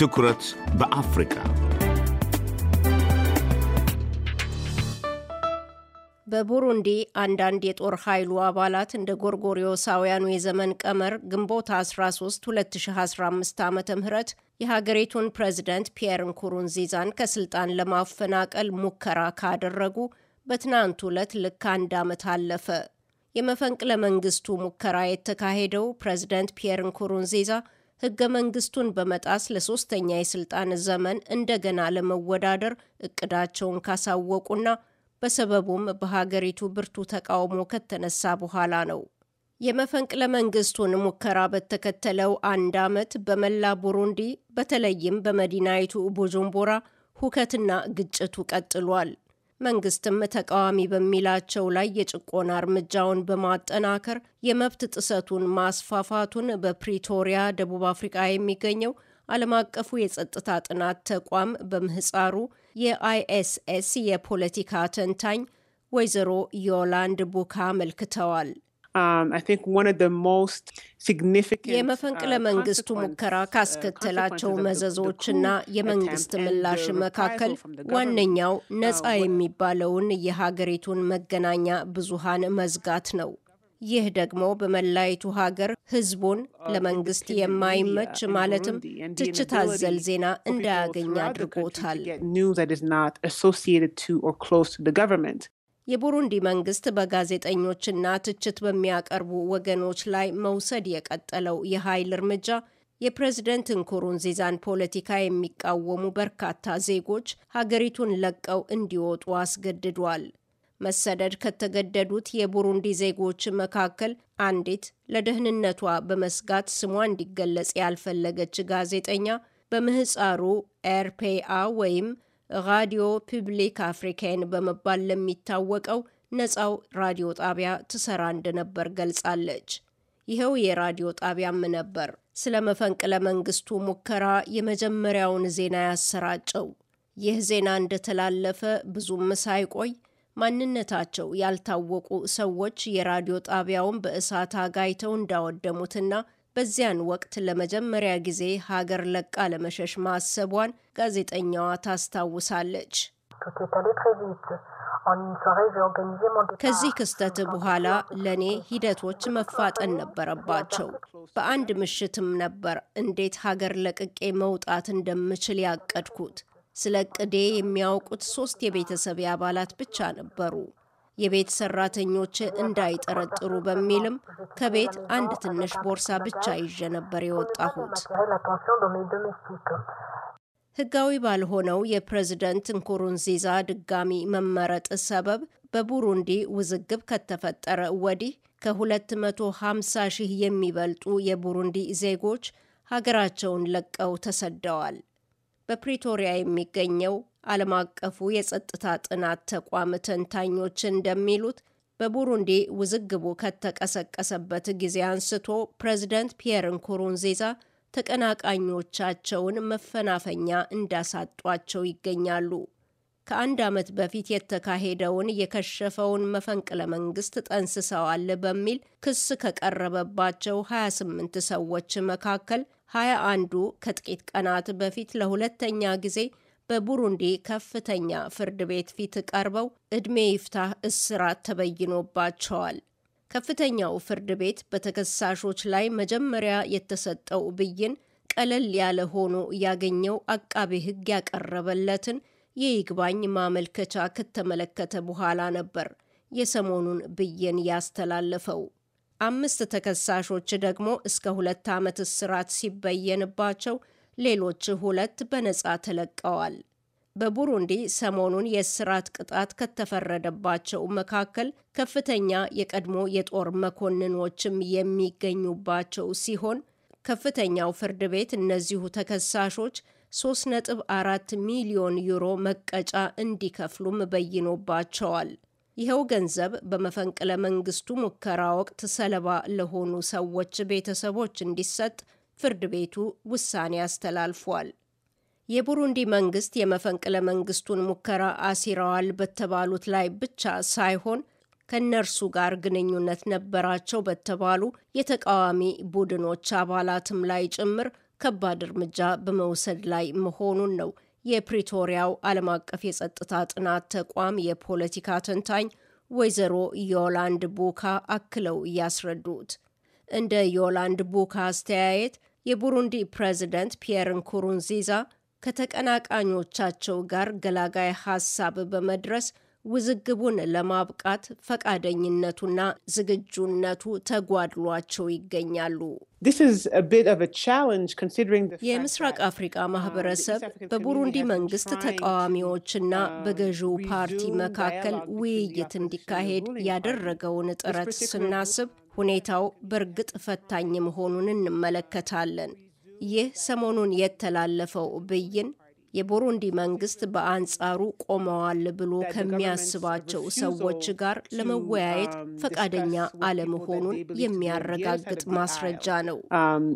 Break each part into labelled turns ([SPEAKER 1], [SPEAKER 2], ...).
[SPEAKER 1] ትኩረት በአፍሪካ በቡሩንዲ አንዳንድ የጦር ኃይሉ አባላት እንደ ጎርጎሪዮሳውያኑ የዘመን ቀመር ግንቦት 13 2015 ዓ ም የሀገሪቱን ፕሬዚደንት ፒየር ንኩሩንዚዛን ከስልጣን ለማፈናቀል ሙከራ ካደረጉ በትናንቱ ዕለት ልክ አንድ ዓመት አለፈ። የመፈንቅለ መንግስቱ ሙከራ የተካሄደው ፕሬዚደንት ፒየር ንኩሩንዚዛ ህገ መንግስቱን በመጣስ ለሶስተኛ የስልጣን ዘመን እንደገና ለመወዳደር እቅዳቸውን ካሳወቁና በሰበቡም በሀገሪቱ ብርቱ ተቃውሞ ከተነሳ በኋላ ነው። የመፈንቅለ መንግስቱን ሙከራ በተከተለው አንድ ዓመት በመላ ቡሩንዲ በተለይም በመዲናይቱ ቡጁምቡራ ሁከትና ግጭቱ ቀጥሏል። መንግስትም ተቃዋሚ በሚላቸው ላይ የጭቆና እርምጃውን በማጠናከር የመብት ጥሰቱን ማስፋፋቱን በፕሪቶሪያ ደቡብ አፍሪቃ የሚገኘው ዓለም አቀፉ የጸጥታ ጥናት ተቋም በምህፃሩ የአይኤስኤስ የፖለቲካ ተንታኝ ወይዘሮ ዮላንድ ቡካ አመልክተዋል። Um, የመፈንቅለ uh, መንግስቱ ሙከራ uh, ካስከተላቸው መዘዞችና የመንግስት ምላሽ መካከል ዋነኛው uh, ነፃ የሚባለውን የሀገሪቱን መገናኛ ብዙሃን መዝጋት ነው። ይህ ደግሞ በመላይቱ ሀገር ህዝቡን ለመንግስት የማይመች ማለትም ትችት አዘል ዜና እንዳያገኝ አድርጎታል። የቡሩንዲ መንግስት በጋዜጠኞችና ትችት በሚያቀርቡ ወገኖች ላይ መውሰድ የቀጠለው የኃይል እርምጃ የፕሬዝደንት ንኩሩንዚዛን ፖለቲካ የሚቃወሙ በርካታ ዜጎች ሀገሪቱን ለቀው እንዲወጡ አስገድዷል። መሰደድ ከተገደዱት የቡሩንዲ ዜጎች መካከል አንዲት ለደህንነቷ በመስጋት ስሟ እንዲገለጽ ያልፈለገች ጋዜጠኛ በምህፃሩ ኤርፔአ ወይም ራዲዮ ፒብሊክ አፍሪካን በመባል ለሚታወቀው ነፃው ራዲዮ ጣቢያ ትሰራ እንደነበር ገልጻለች። ይኸው የራዲዮ ጣቢያም ነበር ስለ መፈንቅለ መንግስቱ ሙከራ የመጀመሪያውን ዜና ያሰራጨው። ይህ ዜና እንደተላለፈ ብዙም ሳይቆይ ማንነታቸው ያልታወቁ ሰዎች የራዲዮ ጣቢያውን በእሳት አጋይተው እንዳወደሙትና በዚያን ወቅት ለመጀመሪያ ጊዜ ሀገር ለቃ ለመሸሽ ማሰቧን ጋዜጠኛዋ ታስታውሳለች። ከዚህ ክስተት በኋላ ለእኔ ሂደቶች መፋጠን ነበረባቸው። በአንድ ምሽትም ነበር እንዴት ሀገር ለቅቄ መውጣት እንደምችል ያቀድኩት። ስለ ቅዴ የሚያውቁት ሶስት የቤተሰብ አባላት ብቻ ነበሩ። የቤት ሰራተኞች እንዳይጠረጥሩ በሚልም ከቤት አንድ ትንሽ ቦርሳ ብቻ ይዤ ነበር የወጣሁት። ህጋዊ ባልሆነው የፕሬዝደንት ንኩሩንዚዛ ድጋሚ መመረጥ ሰበብ በቡሩንዲ ውዝግብ ከተፈጠረ ወዲህ ከ250 ሺህ የሚበልጡ የቡሩንዲ ዜጎች ሀገራቸውን ለቀው ተሰደዋል። በፕሪቶሪያ የሚገኘው ዓለም አቀፉ የጸጥታ ጥናት ተቋም ተንታኞች እንደሚሉት በቡሩንዲ ውዝግቡ ከተቀሰቀሰበት ጊዜ አንስቶ ፕሬዝደንት ፒየር ንኩሩንዚዛ ተቀናቃኞቻቸውን መፈናፈኛ እንዳሳጧቸው ይገኛሉ። ከአንድ ዓመት በፊት የተካሄደውን የከሸፈውን መፈንቅለ መንግስት ጠንስሰዋል በሚል ክስ ከቀረበባቸው 28 ሰዎች መካከል ሀያ አንዱ ከጥቂት ቀናት በፊት ለሁለተኛ ጊዜ በቡሩንዲ ከፍተኛ ፍርድ ቤት ፊት ቀርበው ዕድሜ ይፍታህ እስራት ተበይኖባቸዋል። ከፍተኛው ፍርድ ቤት በተከሳሾች ላይ መጀመሪያ የተሰጠው ብይን ቀለል ያለ ሆኖ ያገኘው አቃቤ ሕግ ያቀረበለትን የይግባኝ ማመልከቻ ከተመለከተ በኋላ ነበር የሰሞኑን ብይን ያስተላለፈው። አምስት ተከሳሾች ደግሞ እስከ ሁለት ዓመት እስራት ሲበየንባቸው ሌሎች ሁለት በነጻ ተለቀዋል። በቡሩንዲ ሰሞኑን የእስራት ቅጣት ከተፈረደባቸው መካከል ከፍተኛ የቀድሞ የጦር መኮንኖችም የሚገኙባቸው ሲሆን ከፍተኛው ፍርድ ቤት እነዚሁ ተከሳሾች 3.4 ሚሊዮን ዩሮ መቀጫ እንዲከፍሉም በይኖባቸዋል። ይኸው ገንዘብ በመፈንቅለ መንግስቱ ሙከራ ወቅት ሰለባ ለሆኑ ሰዎች ቤተሰቦች እንዲሰጥ ፍርድ ቤቱ ውሳኔ አስተላልፏል። የቡሩንዲ መንግስት የመፈንቅለ መንግስቱን ሙከራ አሲረዋል በተባሉት ላይ ብቻ ሳይሆን ከእነርሱ ጋር ግንኙነት ነበራቸው በተባሉ የተቃዋሚ ቡድኖች አባላትም ላይ ጭምር ከባድ እርምጃ በመውሰድ ላይ መሆኑን ነው የፕሪቶሪያው ዓለም አቀፍ የጸጥታ ጥናት ተቋም የፖለቲካ ተንታኝ ወይዘሮ ዮላንድ ቡካ አክለው እያስረዱት። እንደ ዮላንድ ቡካ አስተያየት የቡሩንዲ ፕሬዝደንት ፒየር ንኩሩንዚዛ ከተቀናቃኞቻቸው ጋር ገላጋይ ሀሳብ በመድረስ ውዝግቡን ለማብቃት ፈቃደኝነቱና ዝግጁነቱ ተጓድሏቸው ይገኛሉ። የምስራቅ አፍሪቃ uh, ማህበረሰብ በቡሩንዲ መንግስት ተቃዋሚዎችና uh, በገዢው ፓርቲ መካከል ውይይት እንዲካሄድ ያደረገውን ጥረት ስናስብ ሁኔታው በእርግጥ ፈታኝ መሆኑን እንመለከታለን። ይህ ሰሞኑን የተላለፈው ብይን የቡሩንዲ መንግስት በአንጻሩ ቆመዋል ብሎ ከሚያስባቸው ሰዎች ጋር um, ለመወያየት ፈቃደኛ አለመሆኑን የሚያረጋግጥ ማስረጃ ነው። um,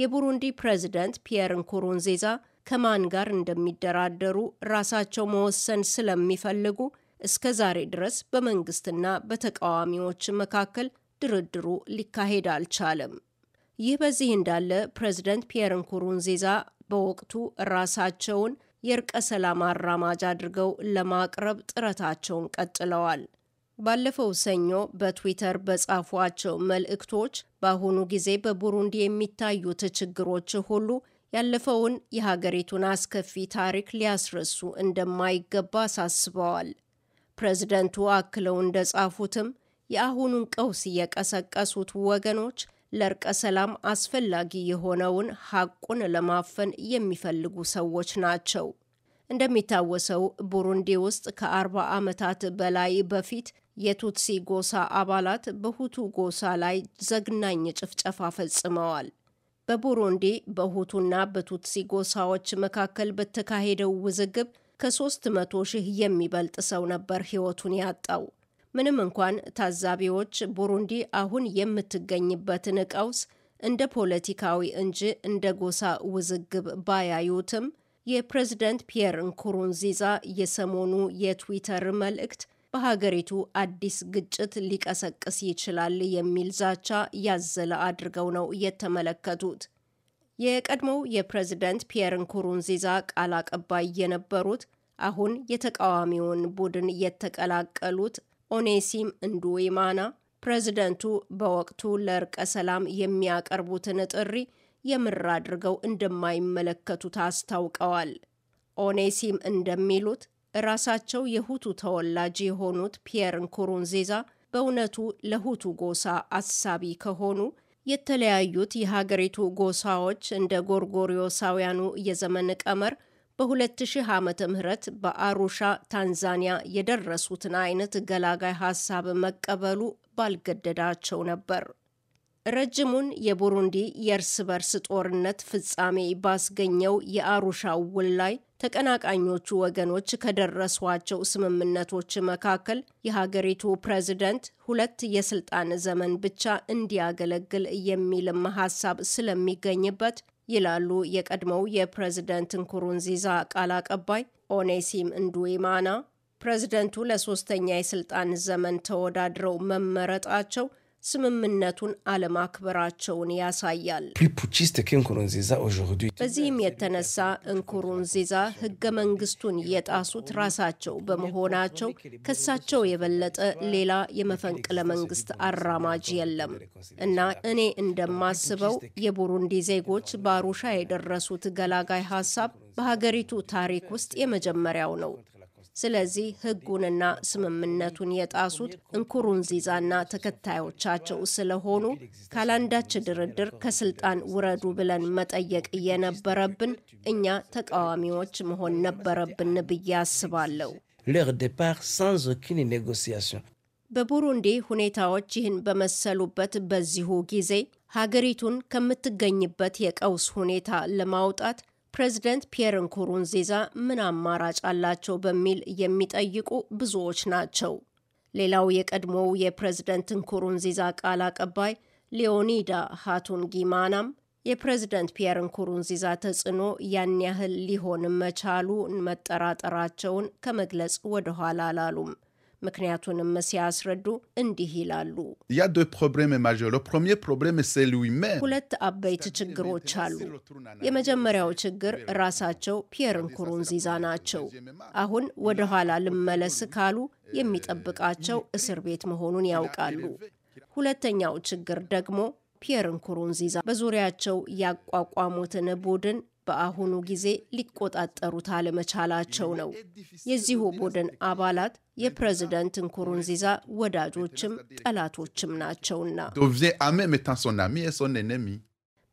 [SPEAKER 1] የቡሩንዲ ፕሬዚደንት ፒየር ንኩሩንዜዛ ከማን ጋር እንደሚደራደሩ ራሳቸው መወሰን ስለሚፈልጉ እስከ ዛሬ ድረስ በመንግስትና በተቃዋሚዎች መካከል ድርድሩ ሊካሄድ አልቻለም። ይህ በዚህ እንዳለ ፕሬዝደንት ፒየር ንኩሩንዚዛ በወቅቱ ራሳቸውን የእርቀ ሰላም አራማጅ አድርገው ለማቅረብ ጥረታቸውን ቀጥለዋል። ባለፈው ሰኞ በትዊተር በጻፏቸው መልእክቶች በአሁኑ ጊዜ በቡሩንዲ የሚታዩት ችግሮች ሁሉ ያለፈውን የሀገሪቱን አስከፊ ታሪክ ሊያስረሱ እንደማይገባ አሳስበዋል። ፕሬዝደንቱ አክለው እንደጻፉትም የአሁኑን ቀውስ የቀሰቀሱት ወገኖች ለእርቀ ሰላም አስፈላጊ የሆነውን ሀቁን ለማፈን የሚፈልጉ ሰዎች ናቸው። እንደሚታወሰው ቡሩንዲ ውስጥ ከ40 ዓመታት በላይ በፊት የቱትሲ ጎሳ አባላት በሁቱ ጎሳ ላይ ዘግናኝ ጭፍጨፋ ፈጽመዋል። በቡሩንዲ በሁቱና በቱትሲ ጎሳዎች መካከል በተካሄደው ውዝግብ ከ300 ሺህ የሚበልጥ ሰው ነበር ሕይወቱን ያጣው። ምንም እንኳን ታዛቢዎች ቡሩንዲ አሁን የምትገኝበትን ቀውስ እንደ ፖለቲካዊ እንጂ እንደ ጎሳ ውዝግብ ባያዩትም የፕሬዝደንት ፒየር ንኩሩንዚዛ የሰሞኑ የትዊተር መልእክት በሀገሪቱ አዲስ ግጭት ሊቀሰቅስ ይችላል የሚል ዛቻ ያዘለ አድርገው ነው የተመለከቱት። የቀድሞው የፕሬዝደንት ፒየር ንኩሩንዚዛ ቃል አቀባይ የነበሩት አሁን የተቃዋሚውን ቡድን የተቀላቀሉት ኦኔሲም እንዱዌማና ፕሬዝደንቱ በወቅቱ ለእርቀ ሰላም የሚያቀርቡትን ጥሪ የምር አድርገው እንደማይመለከቱት አስታውቀዋል። ኦኔሲም እንደሚሉት ራሳቸው የሁቱ ተወላጅ የሆኑት ፒየር ንኩሩንዜዛ በእውነቱ ለሁቱ ጎሳ አሳቢ ከሆኑ የተለያዩት የሀገሪቱ ጎሳዎች እንደ ጎርጎሪዮሳውያኑ የዘመን ቀመር በ2000 ዓመተ ምህረት በአሩሻ ታንዛኒያ የደረሱትን አይነት ገላጋይ ሀሳብ መቀበሉ ባልገደዳቸው ነበር። ረጅሙን የቡሩንዲ የእርስ በርስ ጦርነት ፍጻሜ ባስገኘው የአሩሻው ውል ላይ ተቀናቃኞቹ ወገኖች ከደረሷቸው ስምምነቶች መካከል የሀገሪቱ ፕሬዝደንት ሁለት የስልጣን ዘመን ብቻ እንዲያገለግል የሚልም ሀሳብ ስለሚገኝበት ይላሉ የቀድሞው የፕሬዝደንት ንኩሩንዚዛ ቃል አቀባይ ኦኔሲም እንዱዌማና። ፕሬዝደንቱ ለሶስተኛ የስልጣን ዘመን ተወዳድረው መመረጣቸው ስምምነቱን አለማክበራቸውን ያሳያል። በዚህም የተነሳ እንኩሩንዚዛ ህገ መንግስቱን የጣሱት ራሳቸው በመሆናቸው ከሳቸው የበለጠ ሌላ የመፈንቅለ መንግስት አራማጅ የለም እና እኔ እንደማስበው የቡሩንዲ ዜጎች በአሩሻ የደረሱት ገላጋይ ሀሳብ በሀገሪቱ ታሪክ ውስጥ የመጀመሪያው ነው። ስለዚህ ህጉንና ስምምነቱን የጣሱት እንኩሩንዚዛና ተከታዮቻቸው ስለሆኑ ካላንዳች ድርድር ከስልጣን ውረዱ ብለን መጠየቅ እየነበረብን እኛ ተቃዋሚዎች መሆን ነበረብን ብዬ አስባለሁ። በቡሩንዲ ሁኔታዎች ይህን በመሰሉበት በዚሁ ጊዜ ሀገሪቱን ከምትገኝበት የቀውስ ሁኔታ ለማውጣት ፕሬዚደንት ፒየር ንኩሩንዚዛ ምን አማራጭ አላቸው በሚል የሚጠይቁ ብዙዎች ናቸው። ሌላው የቀድሞው የፕሬዝደንት ንኩሩንዚዛ ቃል አቀባይ ሊዮኒዳ ሃቱን ጊማናም የፕሬዝደንት ፒየር ንኩሩንዚዛ ተጽዕኖ ያን ያህል ሊሆን መቻሉ መጠራጠራቸውን ከመግለጽ ወደኋላ አላሉም። ምክንያቱንም ሲያስረዱ እንዲህ ይላሉ። ሁለት አበይት ችግሮች አሉ። የመጀመሪያው ችግር ራሳቸው ፒየር ንኩሩንዚዛ ናቸው። አሁን ወደ ኋላ ልመለስ ካሉ የሚጠብቃቸው እስር ቤት መሆኑን ያውቃሉ። ሁለተኛው ችግር ደግሞ ፒየር ንኩሩንዚዛ በዙሪያቸው ያቋቋሙትን ቡድን በአሁኑ ጊዜ ሊቆጣጠሩት አለመቻላቸው ነው። የዚሁ ቡድን አባላት የፕሬዝደንት ንኩሩንዚዛ ወዳጆችም ጠላቶችም ናቸውና e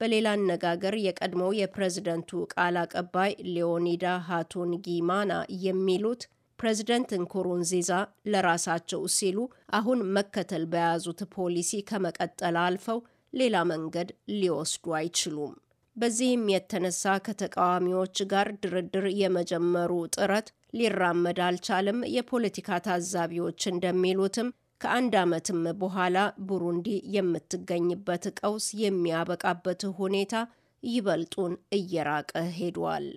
[SPEAKER 1] በሌላ አነጋገር የቀድሞው የፕሬዝደንቱ ቃል አቀባይ ሊዮኒዳ ሃቱን ጊማና የሚሉት ፕሬዝደንት ንኩሩንዚዛ ለራሳቸው ሲሉ አሁን መከተል በያዙት ፖሊሲ ከመቀጠል አልፈው ሌላ መንገድ ሊወስዱ አይችሉም። በዚህም የተነሳ ከተቃዋሚዎች ጋር ድርድር የመጀመሩ ጥረት ሊራመድ አልቻለም። የፖለቲካ ታዛቢዎች እንደሚሉትም ከአንድ ዓመትም በኋላ ቡሩንዲ የምትገኝበት ቀውስ የሚያበቃበት ሁኔታ ይበልጡን እየራቀ ሄዷል።